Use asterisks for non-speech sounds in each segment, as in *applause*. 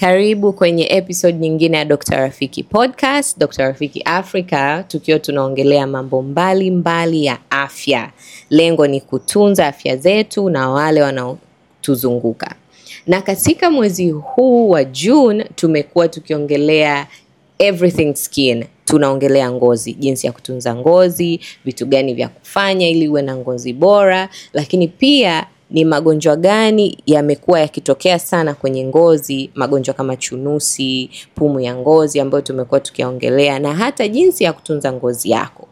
Karibu kwenye episode nyingine ya Dr. Rafiki Podcast, Dr. Rafiki Africa, tukiwa tunaongelea mambo mbalimbali mbali ya afya. Lengo ni kutunza afya zetu na wale wanaotuzunguka. Na katika mwezi huu wa June tumekuwa tukiongelea everything skin. Tunaongelea ngozi, jinsi ya kutunza ngozi, vitu gani vya kufanya ili uwe na ngozi bora, lakini pia ni magonjwa gani yamekuwa yakitokea sana kwenye ngozi, magonjwa kama chunusi, pumu ya ngozi ambayo tumekuwa tukiongelea na hata jinsi ya kutunza ngozi yako.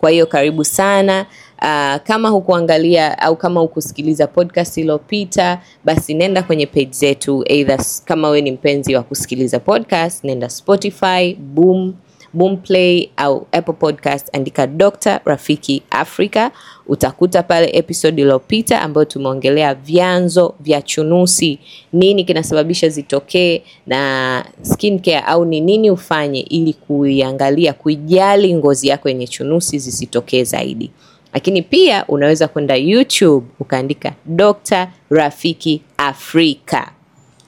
Kwa hiyo karibu sana. Uh, kama hukuangalia au kama hukusikiliza podcast iliyopita, basi nenda kwenye page zetu, either kama we ni mpenzi wa kusikiliza podcast, nenda Spotify, Boom Boomplay au Apple Podcast, andika Dr. Rafiki Africa, utakuta pale episode iliyopita ambayo tumeongelea vyanzo vya chunusi, nini kinasababisha zitokee, na skincare au ni nini ufanye ili kuiangalia, kuijali ngozi yako yenye chunusi zisitokee zaidi. Lakini pia unaweza kwenda YouTube ukaandika Dr. Rafiki Africa.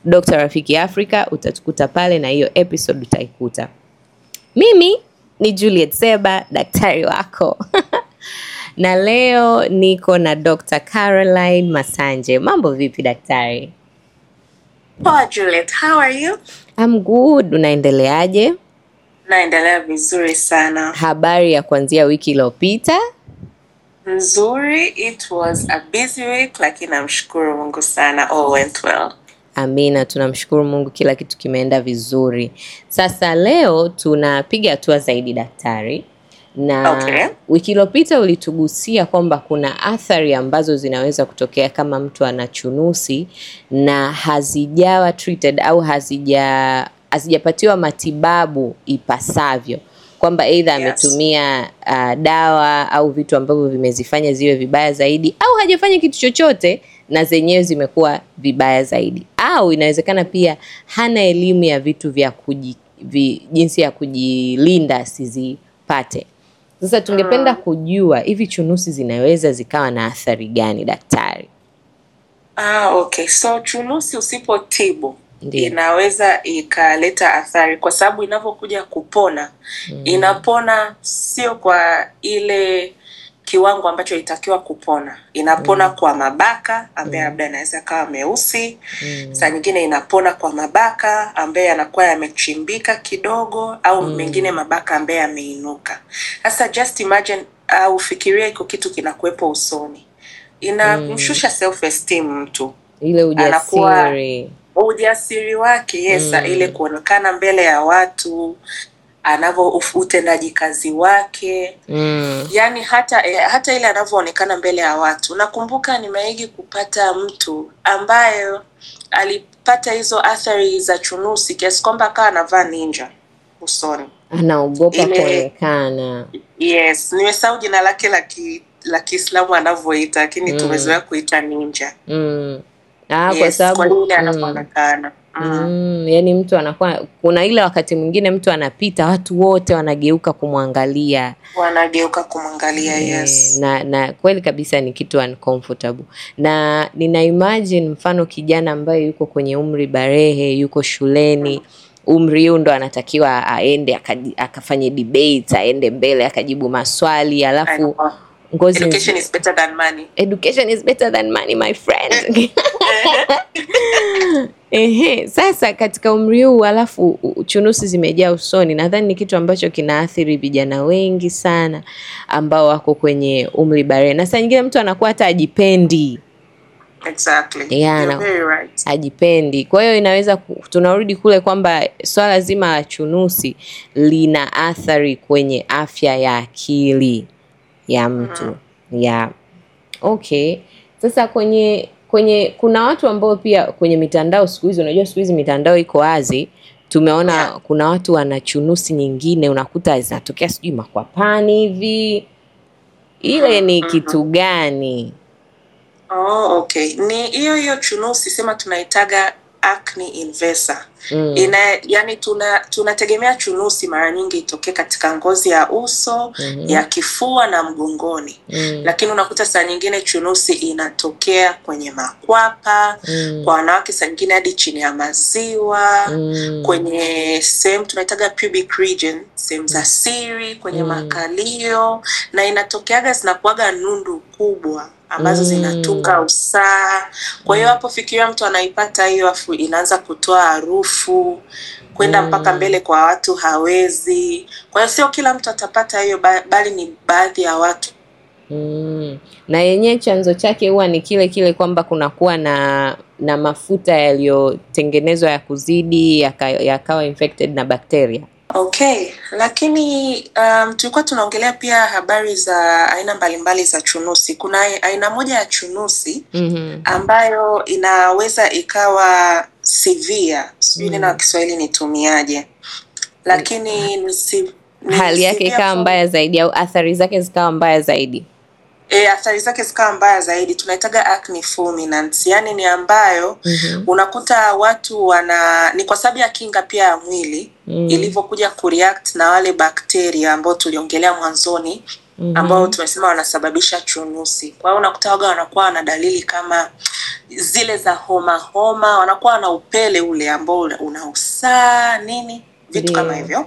Dr. Rafiki Africa utatukuta pale na hiyo episode utaikuta. Mimi ni Juliet Seba, daktari wako *laughs* na leo niko na Dr. Caroline Masanje. Mambo vipi daktari? Poa Juliet, how are you? I'm good. Unaendeleaje? Naendelea vizuri sana. Habari ya kuanzia wiki iliyopita? Nzuri, it was a busy week lakini namshukuru Mungu sana, all went well. Amina, tunamshukuru Mungu, kila kitu kimeenda vizuri. Sasa leo tunapiga hatua zaidi, daktari, na okay. Wiki iliyopita ulitugusia kwamba kuna athari ambazo zinaweza kutokea kama mtu ana chunusi na hazijawa treated au hazija hazijapatiwa matibabu ipasavyo kwamba aidha yes. ametumia uh, dawa au vitu ambavyo vimezifanya ziwe vibaya zaidi au hajafanya kitu chochote na zenyewe zimekuwa vibaya zaidi, au inawezekana pia hana elimu ya vitu vya kuji, vi, jinsi ya kujilinda asizipate. Sasa tungependa mm. kujua hivi chunusi zinaweza zikawa na athari gani daktari? Ah, okay. So chunusi usipotibu Inaweza ikaleta athari kwa sababu inavyokuja kupona mm. Inapona sio kwa ile kiwango ambacho itakiwa kupona. Inapona mm. kwa mabaka ambaye mm. labda anaweza kawa meusi mm. saa nyingine inapona kwa mabaka ambaye anakuwa yamechimbika kidogo, au mm. mengine mabaka ambaye yameinuka. Sasa just imagine au uh, fikiria iko kitu kinakuwepo usoni, inamshusha mm. self esteem mtu, ile ujasiri ujasiri wake yes, mm. ile kuonekana mbele ya watu anavyo utendaji kazi wake mm. Yani hata e, hata ile anavyoonekana mbele ya watu. Nakumbuka nimeigi kupata mtu ambayo alipata hizo athari za chunusi kiasi kwamba akawa anavaa ninja usoni, anaogopa kuonekana. Yes, nimesahau jina lake la la Kiislamu anavyoita, lakini mm. tumezoea kuita ninja mm. Ah, yes, kwa sababu mm. anavyoonekana Ah. Mm, yani mtu anakuwa kuna ile wakati mwingine mtu anapita watu wote wanageuka kumwangalia, wanageuka kumwangalia e, yes. Na, na kweli kabisa ni kitu uncomfortable, na nina imagine mfano kijana ambaye yuko kwenye umri barehe, yuko shuleni mm umri huu ndo anatakiwa aende akafanye debate, aende mbele akajibu maswali, alafu ngozi, education is better than money, education is better than money my friend *laughs* *laughs* Ehe, sasa katika umri huu alafu chunusi zimejaa usoni, nadhani ni kitu ambacho kinaathiri vijana wengi sana ambao wako kwenye umri bare, na saa nyingine mtu anakuwa hata ajipendi. Exactly. Yeah, right. Ajipendi. Kwa hiyo inaweza tunarudi kule kwamba swala zima la chunusi lina athari kwenye afya ya akili ya mtu. Mm. Mm-hmm. Yeah. Okay. Sasa kwenye kwenye kuna watu ambao pia kwenye mitandao siku hizi, unajua siku hizi mitandao iko wazi tumeona yeah. Kuna watu wana chunusi nyingine unakuta zinatokea sijui makwapani hivi, ile mm-hmm. ni mm -hmm. kitu gani? Oh, okay, ni hiyo hiyo chunusi, sema tunaitaga acne inversa mm. Ina, yani tunategemea chunusi mara nyingi itokee katika ngozi ya uso mm -hmm. ya kifua na mgongoni mm. Lakini unakuta saa nyingine chunusi inatokea kwenye makwapa mm. Kwa wanawake saa nyingine hadi chini ya maziwa mm. Kwenye sehemu tunaitaga pubic region, sehemu za siri kwenye mm. makalio, na inatokeaga zinakuaga nundu kubwa ambazo mm. zinatuka usaa. Kwa hiyo mm. hapo fikiria, mtu anaipata hiyo, afu inaanza kutoa harufu kwenda mm. mpaka mbele kwa watu hawezi. Kwa hiyo sio kila mtu atapata hiyo, bali ni baadhi ya watu mm. na yenyewe chanzo chake huwa ni kile kile kwamba kunakuwa na na mafuta yaliyotengenezwa ya kuzidi yakawa ya infected na bakteria. Okay, lakini um, tulikuwa tunaongelea pia habari za aina mbalimbali za chunusi. Kuna aina moja ya chunusi mm -hmm. ambayo inaweza ikawa severe, sijui neno la mm. Kiswahili nitumiaje, lakini mm -hmm. ni hali yake ikawa mbaya zaidi au athari zake zikawa mbaya zaidi e, athari zake zikawa mbaya zaidi. Tunaitaga acne fulminans, yani ni ambayo mm -hmm. unakuta watu wana ni kwa sababu ya kinga pia ya mwili mm. ilivyokuja kureact na wale bakteria ambao tuliongelea mwanzoni Mm -hmm. ambao tumesema wanasababisha chunusi. Kwa hiyo unakuta waga wanakuwa na dalili kama zile za homa homa, wanakuwa na upele ule ambao unausaa nini, vitu yeah. kama hivyo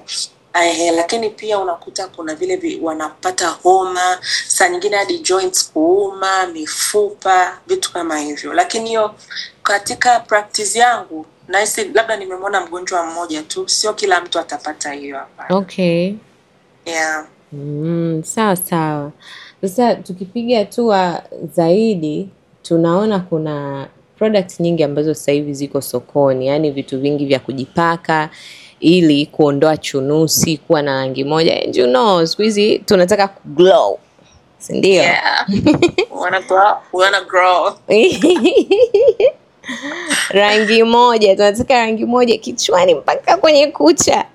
eh, lakini pia unakuta kuna vile vi, wanapata homa saa nyingine hadi joints kuuma, mifupa, vitu kama hivyo. Lakini hiyo katika practice yangu nahisi labda nimemwona mgonjwa mmoja tu, sio kila mtu atapata hiyo hapa. Okay. Yeah. Mm, sawa sawa. Sasa tukipiga hatua zaidi tunaona kuna products nyingi ambazo sasa hivi ziko sokoni, yaani vitu vingi vya kujipaka ili kuondoa chunusi, kuwa na rangi moja. And you know, siku hizi tunataka glow, si ndio? Yeah. *laughs* rangi moja, tunataka rangi moja kichwani mpaka kwenye kucha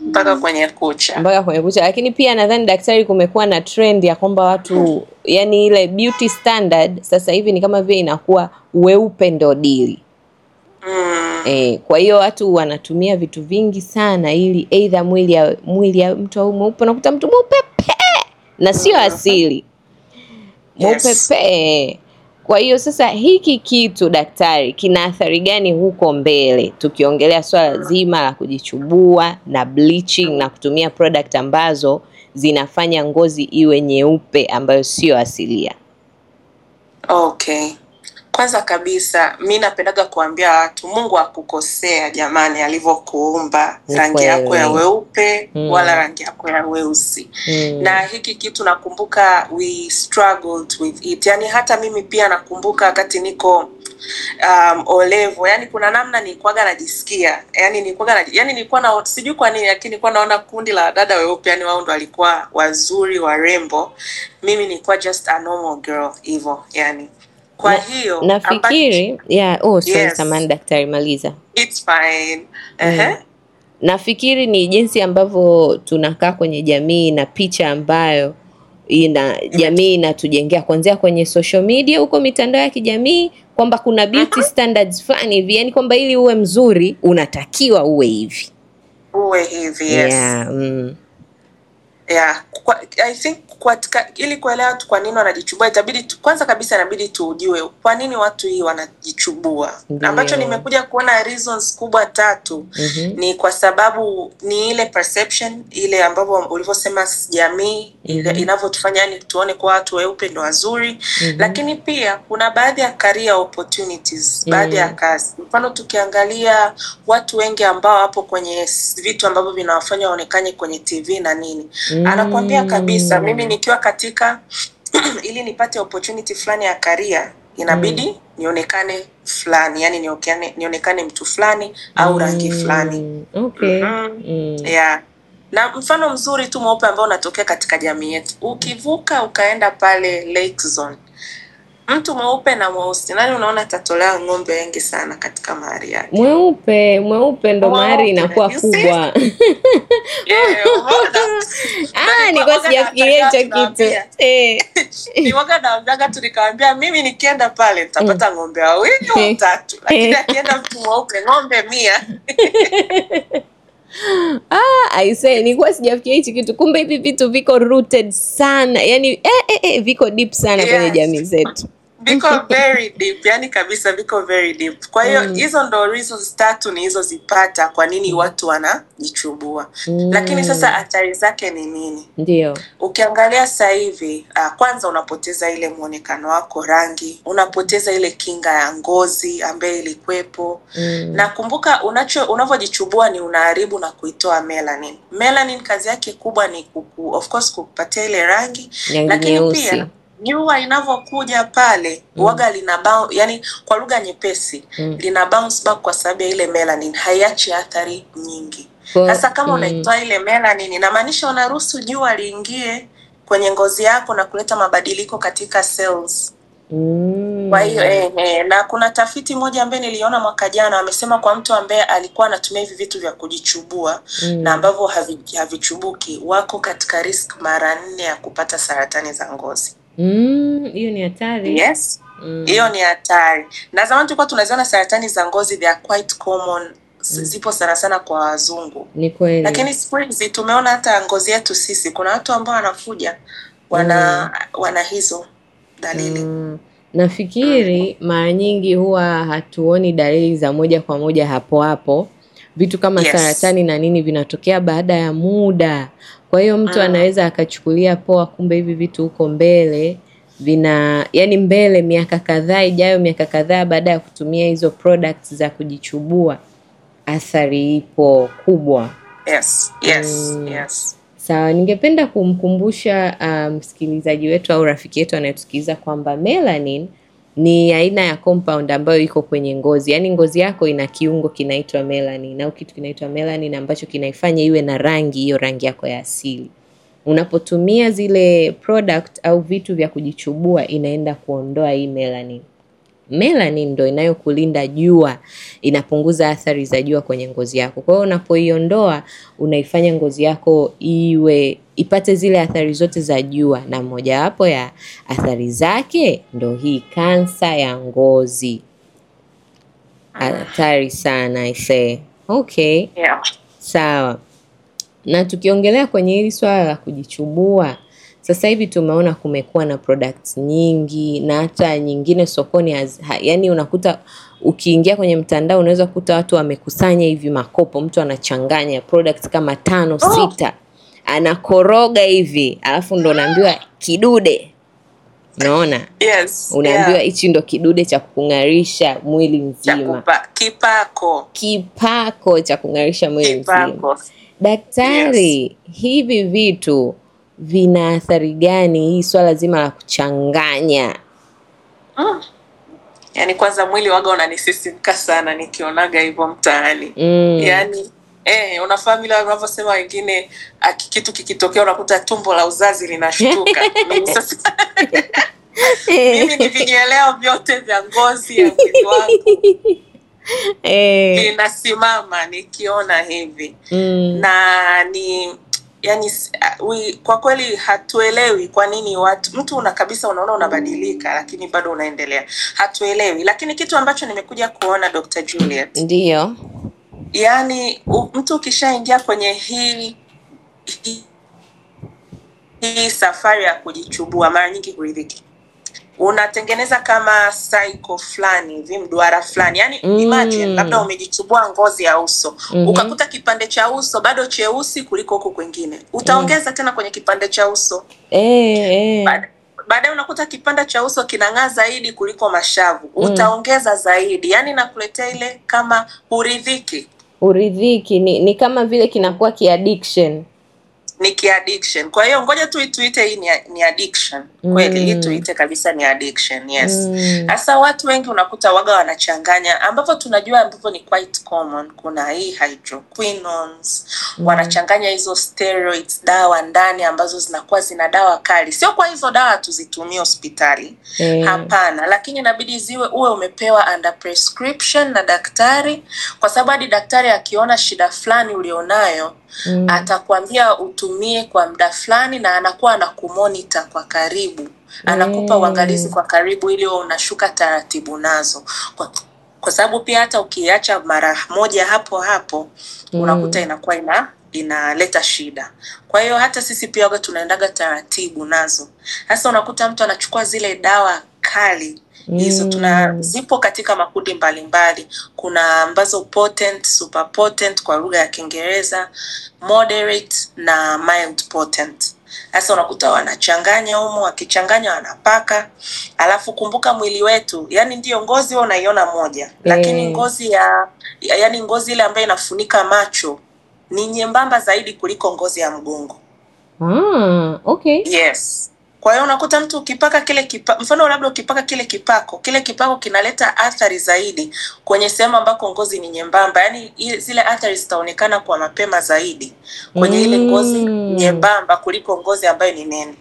mpaka kwenye kucha mpaka kwenye kucha. Lakini pia nadhani daktari, kumekuwa na trend ya kwamba watu, yani ile beauty standard sasa hivi ni kama vile inakuwa weupe ndo dili E, kwa hiyo watu wanatumia vitu vingi sana ili aidha mwili ya, mwili ya mtu au mweupe, unakuta mtu mweupe na sio asili mweupe Kwa hiyo sasa hiki kitu daktari, kina athari gani huko mbele, tukiongelea swala zima la kujichubua na bleaching na kutumia product ambazo zinafanya ngozi iwe nyeupe ambayo sio asilia? Okay. Kwanza kabisa mi napendaga kuambia watu Mungu akukosea jamani, alivyokuumba rangi yako ya weupe mm. wala rangi yako ya weusi mm. na hiki kitu nakumbuka we struggled with it. Yani hata mimi pia nakumbuka wakati niko um, olevo, yani kuna namna nilikuwaga najisikia yani nilikuwaga na, yani nilikuwa na sijui kwa nini, lakini nilikuwa naona kundi la dada weupe yani wao ndo walikuwa wazuri warembo, mimi nilikuwa just a normal girl yani kwa hiyo na, nafikiri yeah, oh, sorry, yes. Samani daktari, maliza. It's fine. Uh-huh. Nafikiri ni jinsi ambavyo tunakaa kwenye jamii na picha ambayo ina jamii inatujengea kuanzia kwenye social media huko mitandao ya kijamii kwamba kuna beauty uh-huh. standards fulani hivi, yani kwamba ili uwe mzuri unatakiwa uwe hivi uwe hivi yes. yeah, mm. Yeah, kwa, I think kwa, ili kuelewa tu kwa nini wanajichubua itabidi tu, kwanza kabisa inabidi tujue kwa nini watu hii wanajichubua yeah. Ambacho nimekuja kuona reasons kubwa tatu mm -hmm. Ni kwa sababu ni ile perception ile ambavyo ulivyosema jamii mm -hmm. Inavyotufanya yani tuone kwa watu weupe ndo wazuri mm -hmm. Lakini pia kuna baadhi ya career opportunities yeah. Baadhi ya kazi, mfano tukiangalia watu wengi ambao wapo kwenye vitu ambavyo vinawafanya waonekane kwenye TV na nini mm. anakwambia kabisa mm. mimi nikiwa katika *clears throat* ili nipate opportunity fulani ya karia inabidi mm. nionekane fulani yani nionekane, nionekane mtu fulani au mm. rangi fulani okay. mm-hmm. mm. yeah. na mfano mzuri tu mweupe ambao unatokea katika jamii yetu ukivuka ukaenda pale Lake Zone Mtu mweupe na mweusi, nani unaona atatolea ng'ombe wengi sana katika mahari yake? Mweupe, mweupe ndo mahari inakuwa kubwa. *laughs* Ah, Nilikuwa sijafikiria hicho kitu. *laughs* Eh. Niwaga naambiaga tu nikamwambia, mimi nikienda pale nitapata mm. ng'ombe wawili au eh. tatu, lakini eh. akienda mtu mweupe ng'ombe mia *laughs* *laughs* Ah, aisee, nilikuwa sijafikia hichi kitu. Kumbe hivi vitu viko rooted sana, yaani eh, eh, eh, viko deep sana yes, kwenye jamii zetu viko *laughs* very deep yani kabisa viko very deep kwa hiyo mm. hizo ndo reasons tatu nilizozipata kwa nini mm. watu wanajichubua mm. lakini sasa hatari zake ni nini ndio ukiangalia sasa hivi uh, kwanza unapoteza ile mwonekano wako rangi unapoteza ile kinga ya ngozi ambayo ilikwepo mm. na kumbuka unacho unavyojichubua ni unaharibu na kuitoa melanin melanin kazi yake kubwa ni kuku, of course kukupatia ile rangi Yangi lakini nyeusi. pia jua inavyokuja pale mm. waga lina bounce, yani kwa lugha nyepesi mm. lina bounce back kwa sababu ya ile melanin, haiachi athari nyingi. Sasa kama mm. unaitoa ile melanin, inamaanisha unaruhusu jua liingie kwenye ngozi yako na kuleta mabadiliko katika cells mm. kwa hiyo eh, eh, na kuna tafiti moja ambaye niliona mwaka jana amesema kwa mtu ambaye alikuwa anatumia hivi vitu vya kujichubua mm. na ambavyo havichubuki havi wako katika risk mara nne ya kupata saratani za ngozi. Mm, hiyo mm, ni hatari yes mm. hiyo mm. ni hatari na zamani tulikuwa tunaziona saratani za ngozi they are quite common mm. zipo sana sana kwa wazungu ni kweli lakini siku hizi tumeona hata ngozi yetu sisi kuna watu ambao wanakuja wana mm. wana hizo dalili mm. nafikiri mara nyingi huwa hatuoni dalili za moja kwa moja hapo hapo vitu kama yes, saratani na nini vinatokea baada ya muda. Kwa hiyo mtu mm, anaweza akachukulia poa, kumbe hivi vitu huko mbele vina yani, mbele miaka kadhaa ijayo, miaka kadhaa baada ya kutumia hizo products za kujichubua, athari ipo kubwa. Yes, yes, mm, yes. Sawa, ningependa kumkumbusha ah, msikilizaji um, wetu au rafiki yetu anayetusikiliza kwamba melanin ni aina ya compound ambayo iko kwenye ngozi, yaani ngozi yako ina kiungo kinaitwa melanin au kitu kinaitwa melanin ambacho kinaifanya iwe na rangi hiyo rangi yako ya asili. Unapotumia zile product au vitu vya kujichubua, inaenda kuondoa hii melanin. Melanin ndo inayokulinda jua, inapunguza athari za jua kwenye ngozi yako. Kwa hiyo unapoiondoa, unaifanya ngozi yako iwe ipate zile athari zote za jua, na mojawapo ya athari zake ndo hii kansa ya ngozi. Hatari sana ise. Okay, yeah. Sawa. Na tukiongelea kwenye hili swala la kujichubua sasa hivi tumeona kumekuwa na products nyingi na hata nyingine sokoni az, ha, yani unakuta ukiingia kwenye mtandao unaweza kukuta watu wamekusanya hivi makopo, mtu anachanganya products kama tano oh! sita, anakoroga hivi, alafu ndo unaambiwa kidude Unaona? Yes, unaambiwa hichi yeah, ndo kidude cha kung'arisha mwili mzima kupa, kipako kipako cha kung'arisha mwili mzima daktari. Yes, hivi vitu vina athari gani hii swala zima la kuchanganya? Mm. yani kwanza mwili waga unanisisimka sana nikionaga hivyo mtaani. Mm. yani eh, unafahamu ile wanavyosema wengine kitu kikitokea unakuta tumbo la uzazi linashtuka. *laughs* Eh. Mimi ni vinyeleo vyote vya ngozi ya mwili wangu eh, vinasimama nikiona hivi mm. na ni yani uh, we, kwa kweli hatuelewi kwa nini watu mtu una kabisa unaona unabadilika lakini bado unaendelea, hatuelewi. Lakini kitu ambacho nimekuja kuona Dr. Juliet, ndio yani u, mtu ukishaingia kwenye hii hii, hii safari ya kujichubua mara nyingi huridhiki unatengeneza kama cycle fulani hivi mduara fulani yani, mm. Imagine labda umejichubua ngozi ya uso mm -hmm. Ukakuta kipande cha uso bado cheusi kuliko huko kwingine, utaongeza mm. tena kwenye kipande cha uso eh, hey. Eh. Bad- baadaye unakuta kipande cha uso kinang'aa zaidi kuliko mashavu mm. Utaongeza zaidi, yani nakuletea ile kama uridhiki, uridhiki ni, ni kama vile kinakuwa kiaddiction ni kiaddiction kwa hiyo ngoja tu tuite hii ni, ni addiction kweli mm. hii tuite kabisa ni addiction yes sasa mm. watu wengi unakuta waga wanachanganya ambavyo tunajua ambavyo ni quite common kuna hii hydroquinones mm. wanachanganya hizo steroids dawa ndani ambazo zinakuwa zina dawa kali sio kwa hizo dawa tuzitumie hospitali mm. hapana lakini inabidi ziwe uwe umepewa under prescription na daktari kwa sababu hadi daktari akiona shida fulani ulionayo mm. Atakwambia utumie kwa muda fulani, na anakuwa anakumonita kwa karibu, anakupa mm. uangalizi kwa karibu, ili unashuka taratibu nazo kwa, kwa sababu pia hata ukiacha mara moja hapo hapo mm. unakuta inakuwa ina inaleta shida. Kwa hiyo hata sisi pia waga tunaendaga taratibu nazo. Sasa unakuta mtu anachukua zile dawa kali hizo tuna mm. zipo katika makundi mbalimbali mbali. Kuna ambazo potent, super potent kwa lugha ya Kiingereza, moderate na mild potent. Sasa unakuta wanachanganya humo, wakichanganya wanapaka. Alafu kumbuka mwili wetu, yani ndiyo ngozi wewe unaiona moja mm, lakini eh. ngozi ya yani ngozi ile ambayo inafunika macho ni nyembamba zaidi kuliko ngozi ya mgongo. Mm, okay. Yes. Kwa hiyo unakuta mtu ukipaka kile kipa, mfano labda ukipaka kile kipako, kile kipako kinaleta athari zaidi kwenye sehemu ambako ngozi ni nyembamba, yaani zile athari zitaonekana kwa mapema zaidi kwenye mm. ile ngozi mm. nyembamba kuliko ngozi ambayo ni nene.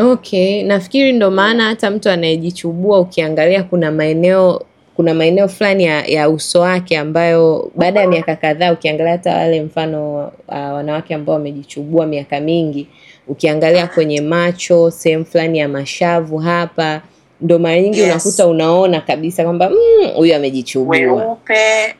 Okay, nafikiri ndo maana hata mtu anayejichubua ukiangalia, kuna maeneo kuna maeneo fulani ya, ya uso wake ambayo baada ya miaka kadhaa ukiangalia hata wale mfano uh, wanawake ambao wamejichubua miaka mingi ukiangalia kwenye macho, sehemu fulani ya mashavu hapa ndo mara nyingi yes. Unakuta unaona kabisa kwamba mm, huyu mm, amejichubua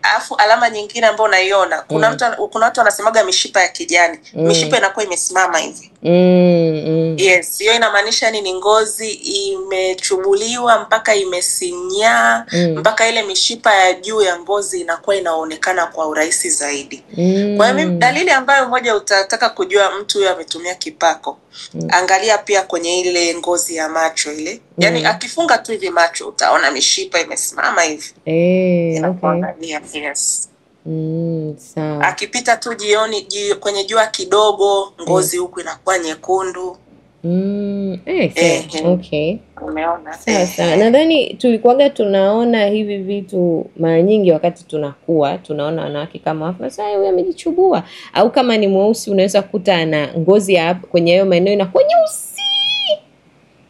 Alafu alama nyingine ambayo unaiona kuna mm. kuna watu wanasemaga mishipa ya kijani mm. mishipa inakuwa imesimama hivi mm, mm. Yes, hiyo inamaanisha yani ni ngozi imechubuliwa mpaka imesinyaa mm. mpaka ile mishipa ya juu ya ngozi inakuwa inaonekana kwa urahisi zaidi mm. Kwa hiyo mm. dalili ambayo moja utataka kujua mtu huyo ametumia kipako mm. Angalia pia kwenye ile ngozi ya macho ile yani mm ukifunga tu hivi macho utaona mishipa imesimama hivi hey, eh, okay. yes Mm, Akipita tu jioni jio, kwenye jua kidogo ngozi eh. huku mm. inakuwa nyekundu. Mm, eh, okay. Umeona? Nadhani tulikuaga tunaona hivi vitu mara nyingi wakati tunakuwa tunaona wanawake kama wafu sasa huyu amejichubua au kama ni mweusi unaweza kukuta na ngozi ya kwenye hayo maeneo inakuwa nyeusi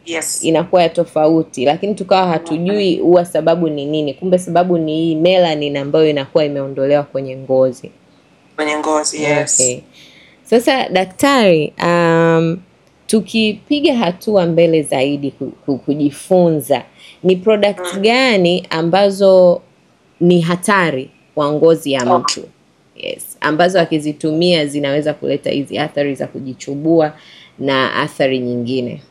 yes. inakuwa ya tofauti, lakini tukawa hatujui huwa sababu ni nini. Kumbe sababu ni hii melanin ambayo inakuwa imeondolewa kwenye ngozi, kwenye ngozi yes. Okay. Sasa daktari, um, tukipiga hatua mbele zaidi kujifunza ni product mm. gani ambazo ni hatari kwa ngozi ya oh. mtu yes, ambazo akizitumia zinaweza kuleta hizi athari za kujichubua na athari nyingine.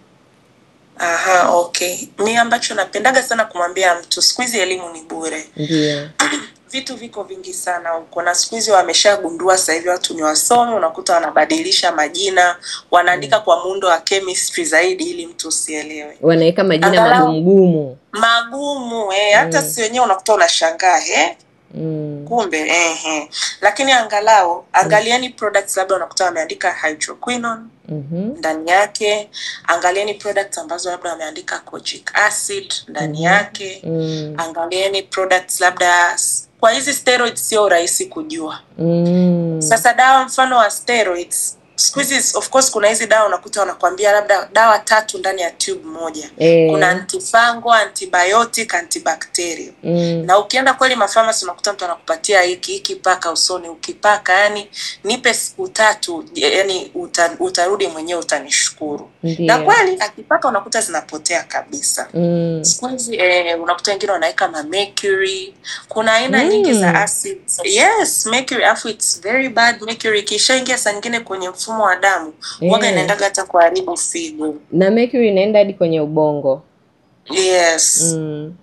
Aha, okay. Mi ambacho napendaga sana kumwambia mtu siku hizi elimu ni bure. Yeah. *clears throat* Vitu viko vingi sana huko na siku hizi wameshagundua sasa hivi watu ni wasomi, unakuta wanabadilisha majina, wanaandika mm, kwa muundo wa chemistry zaidi ili mtu usielewe. Wanaweka majina magumu magumu, eh, hata mm, si wenyewe unakuta unashangaa eh Mm. Kumbe ehe, lakini angalau angalieni products labda unakuta wameandika hydroquinone mm -hmm. ndani yake. Angalieni products ambazo labda wameandika kojic acid ndani mm-hmm. yake mm -hmm. angalieni products labda kwa hizi steroids sio rahisi kujua mm. Sasa dawa mfano wa steroids siku hizi of course kuna hizi dawa unakuta wanakuambia labda dawa tatu ndani ya tube moja eh. kuna antifango antibiotic antibacterial mm. na ukienda kweli mafamasi unakuta mtu anakupatia hiki hiki paka usoni ukipaka yani nipe siku tatu yani uta, utarudi mwenyewe utanishukuru yeah. na kweli akipaka unakuta zinapotea kabisa mm. siku hizi eh, unakuta wengine wanaweka ma mercury kuna aina mm. nyingi za mm. acids yes mercury afu it's very bad mercury ikishaingia saa nyingine kwenye mfumo wa damu yeah. Waga inaendaga hata kuharibu figo na mercury inaenda hadi kwenye ubongo. Yes. Mm.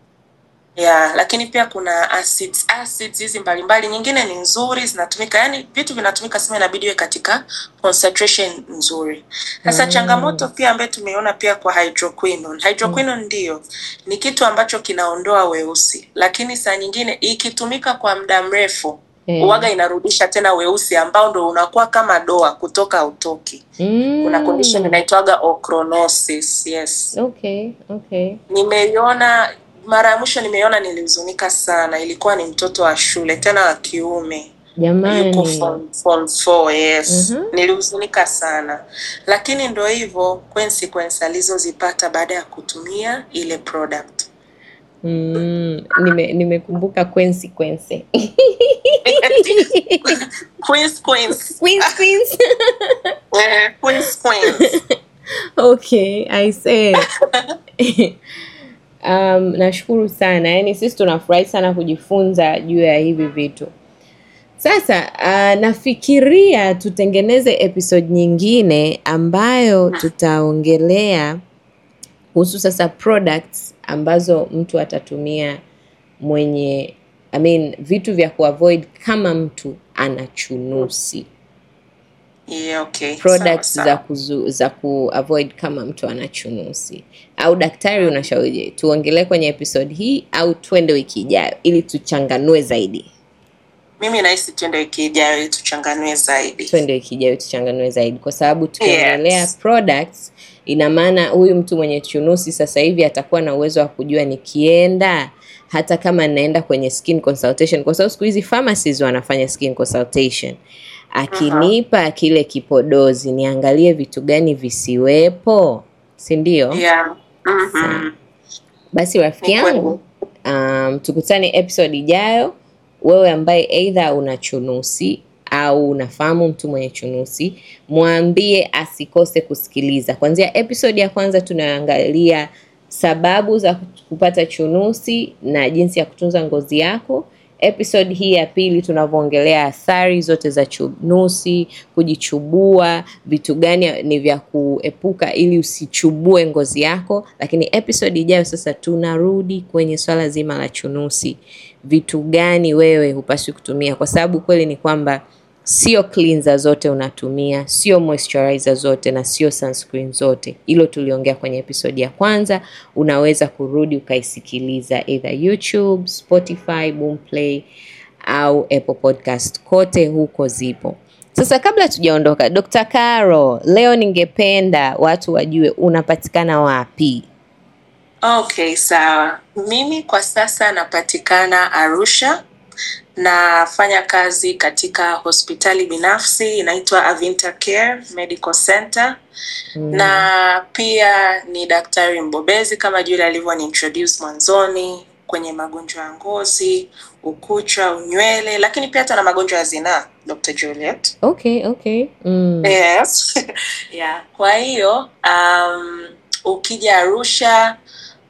Yeah, lakini pia kuna acids acids hizi mbalimbali, nyingine ni nzuri zinatumika, yani vitu vinatumika sima inabidi iwe katika concentration nzuri. Sasa mm. changamoto pia ambayo tumeona pia kwa hydroquinone. Hydroquinone mm. ndiyo ni kitu ambacho kinaondoa weusi, lakini saa nyingine ikitumika kwa muda mrefu mm. Eh. uwaga inarudisha tena weusi ambao ndo unakuwa kama doa kutoka utoki mm. kuna condition inaitwaga ochronosis yes okay okay nimeiona mara ya mwisho nimeiona nilihuzunika sana ilikuwa ni mtoto wa shule tena wa kiume jamani form, form four, yes mm -hmm. nilihuzunika sana lakini ndo hivyo consequence alizozipata baada ya kutumia ile product Mm, nimekumbuka nime kwensi kwense Okay, I say *laughs* Um, nashukuru sana yaani sisi tunafurahi sana kujifunza juu ya hivi vitu sasa uh, nafikiria tutengeneze episode nyingine ambayo tutaongelea kuhusu sasa products ambazo mtu atatumia mwenye I mean, vitu vya kuavoid kama mtu ana chunusi. Yeah, okay. Products za kuzu, za kuavoid kama mtu ana chunusi au daktari, unashauri tuongelee kwenye episode hii au twende wiki ijayo ili tuchanganue zaidi? mimi nahisi tuende wiki ijayo tuchanganue zaidi, tuende wiki ijayo tuchanganue zaidi, kwa sababu tukiongelea yes, products ina maana huyu mtu mwenye chunusi sasa hivi atakuwa na uwezo wa kujua nikienda hata kama ninaenda kwenye skin consultation, kwa sababu siku hizi pharmacies wanafanya skin consultation akinipa uh -huh. kile kipodozi niangalie vitu gani visiwepo, si ndio? yeah. uh-huh. Basi rafiki yangu, um, tukutane episode ijayo wewe ambaye aidha una chunusi au unafahamu mtu mwenye chunusi, mwambie asikose kusikiliza. kwanzia episodi ya kwanza tunaangalia sababu za kupata chunusi na jinsi ya kutunza ngozi yako. Episodi hii ya pili tunavyoongelea athari zote za chunusi, kujichubua, vitu gani ni vya kuepuka ili usichubue ngozi yako. Lakini episodi ijayo sasa tunarudi kwenye swala zima la chunusi vitu gani wewe hupaswi kutumia, kwa sababu kweli ni kwamba sio cleanser zote unatumia, sio moisturizer zote na sio sunscreen zote. Hilo tuliongea kwenye episodi ya kwanza. Unaweza kurudi ukaisikiliza either YouTube, Spotify, Boomplay au Apple Podcast, kote huko zipo. Sasa kabla tujaondoka, Dr. Caro, leo ningependa watu wajue unapatikana wapi? Okay, sawa. Mimi kwa sasa napatikana Arusha, nafanya kazi katika hospitali binafsi inaitwa Avinta Care Medical Center mm. na pia ni daktari mbobezi kama ni introduce mwanzoni kwenye magonjwa ya ngozi, ukucha, unywele, lakini pia hata na magonjwa ya zinaa, Dr. Juliet. Okay, okay. Mm. Yes. *laughs* yeah. Kwa hiyo um, ukija Arusha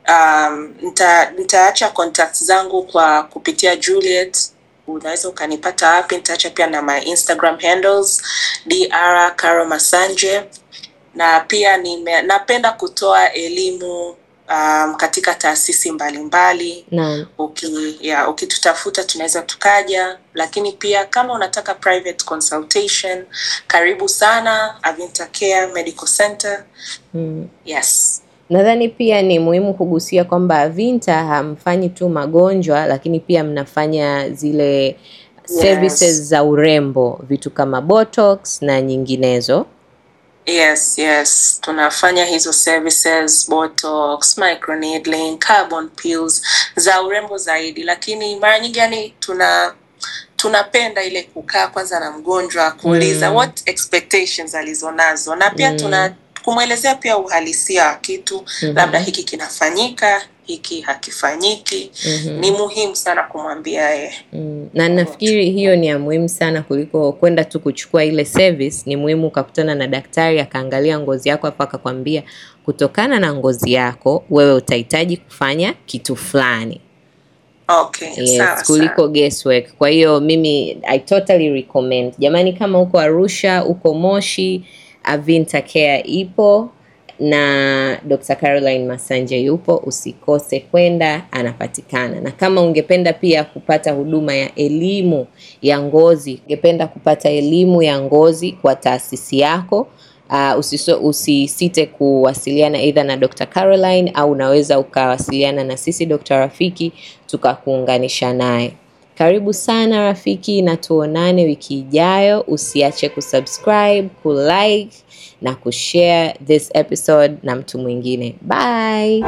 um, nita, nitaacha contact zangu kwa kupitia Juliet, unaweza ukanipata wapi? Nitaacha pia na my Instagram handles Dr. Caro Masanje, na pia nime, napenda kutoa elimu um, katika taasisi mbalimbali mbali. Uki, ya ukitutafuta tunaweza tukaja, lakini pia kama unataka private consultation karibu sana Avinta Care Medical Center mm. Yes. Nadhani pia ni muhimu kugusia kwamba Vinta hamfanyi tu magonjwa, lakini pia mnafanya zile yes, services za urembo, vitu kama botox na nyinginezo. Yes, yes, tunafanya hizo services botox, microneedling, carbon peels za urembo zaidi, lakini mara nyingi yani tuna tunapenda ile kukaa kwanza na mgonjwa kuuliza mm. what expectations alizonazo na pia mm. tuna kumwelezea pia uhalisia wa kitu mm-hmm. labda hiki kinafanyika hiki hakifanyiki mm-hmm. ni muhimu sana kumwambia yeye mm. na nafikiri hiyo ni ya muhimu sana kuliko kwenda tu kuchukua ile service ni muhimu ukakutana na daktari akaangalia ngozi yako hapa akakwambia kutokana na ngozi yako wewe utahitaji kufanya kitu fulani Okay, yes, sawa, kuliko sawa. guesswork. Kwa hiyo mimi I totally recommend. Jamani kama uko Arusha, uko Moshi, Avinta Care ipo na Dr. Caroline Masanje yupo, usikose kwenda, anapatikana. Na kama ungependa pia kupata huduma ya elimu ya ngozi, ungependa kupata elimu ya ngozi kwa taasisi yako, uh, usiso, usisite kuwasiliana either na Dr. Caroline au unaweza ukawasiliana na sisi Dr. Rafiki tukakuunganisha naye. Karibu sana rafiki, na tuonane wiki ijayo. Usiache kusubscribe, kulike na kushare this episode na mtu mwingine. Bye.